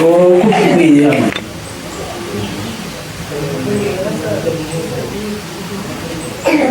có cái gì vậy? Thank you.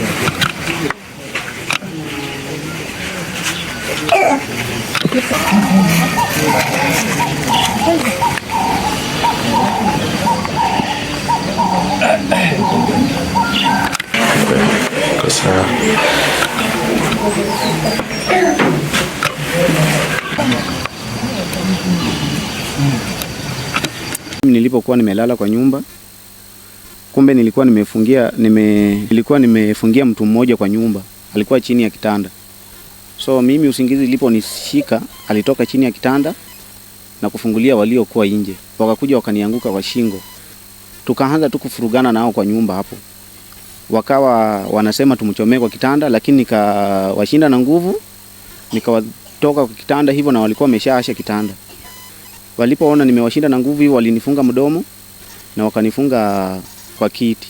uh, nilipokuwa nimelala kwa nyumba, kumbe nilikuwa nimefungia nime, nilikuwa nimefungia mtu mmoja kwa nyumba, alikuwa chini ya kitanda. So mimi usingizi iliponishika, alitoka chini ya kitanda na kufungulia waliokuwa nje, wakakuja wakanianguka kwa shingo, tukaanza tu kufurugana nao kwa nyumba hapo wakawa wanasema tumchomee kwa kitanda, lakini nikawashinda na nguvu, nikawatoka kwa kitanda hivyo, na walikuwa wameshaasha kitanda. Walipoona nimewashinda na nguvu hivyo, walinifunga mdomo na wakanifunga kwa kiti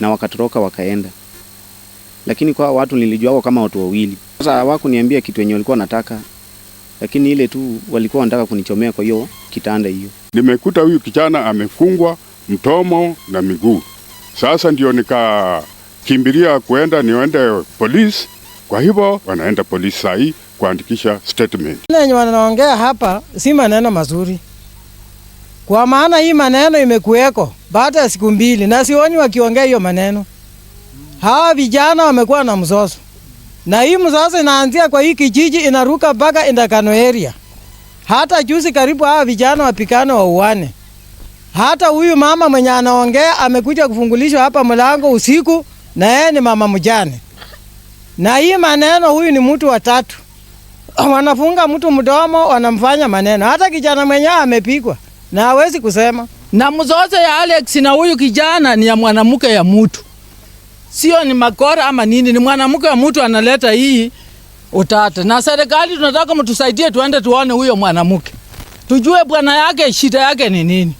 na wakatoroka wakaenda, lakini kwa watu nilijua wao kama watu wawili. Sasa hawakuniambia kitu yenye walikuwa wanataka, lakini ile tu walikuwa wanataka kunichomea kwa hiyo kitanda hiyo. Nimekuta huyu kijana amefungwa mtomo na miguu. Sasa ndio nikakimbilia kuenda niende polisi, kwa hivyo wanaenda polisi saa hii kuandikisha statement. Nenye wanaongea hapa si maneno mazuri, kwa maana hii maneno imekuweko baada ya siku mbili, na sioni wakiongea hiyo maneno. Hawa vijana wamekuwa na mzozo, na hii mzozo inaanzia kwa hii kijiji inaruka mpaka Indakano area. Hata juzi karibu hawa vijana wapikane wauane. Hata huyu mama mwenye anaongea amekuja kufungulishwa hapa mlango usiku, na yeye ni mama mjane, na hii maneno, huyu ni mtu wa tatu wanafunga mtu mdomo, wanamfanya maneno. Hata kijana mwenyewe amepigwa na hawezi kusema. Na mzozo ya Alex na huyu kijana ni ya mwanamke ya mtu, sio ni makora ama nini, ni mwanamke wa mtu analeta hii utata. Na serikali tunataka mtusaidie, tuende tuone huyo mwanamke, tujue bwana yake shida yake ni nini.